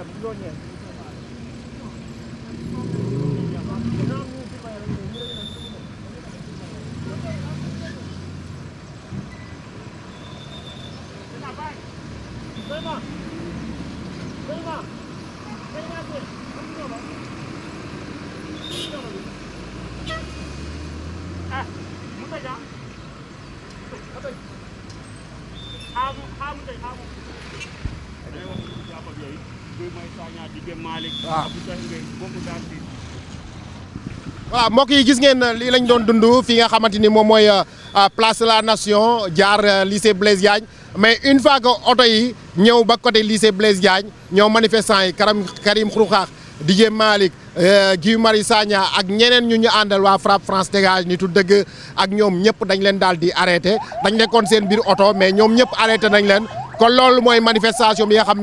tam, gronie. Wyma! Wyma! Wyma ty! Ah, muda ya. Ah, ah, muda, ah, muda. waa waaw ah. ah, mbokk yi gis ngeen uh, lii lañ doon dund fi nga xamante ni moom mooy uh, uh, place la nation jaar lycée Blaise Diagne mais une fois que oto yi ñëw ba côté lycée Blaise Diagne ñoo manifestant yi Karim Karim Khouroukha Didier Malick Guy Marius Sagna ak ñeneen ñu ñu àndal waa FRAPP France dégage nitu dëgg ak ñoom ñëpp dañ leen daal di arrêté dañ nekkoon seen biir oto mais ñoom ñëpp arrêté nañ leen kon loolu mooy manifestation bi nga xam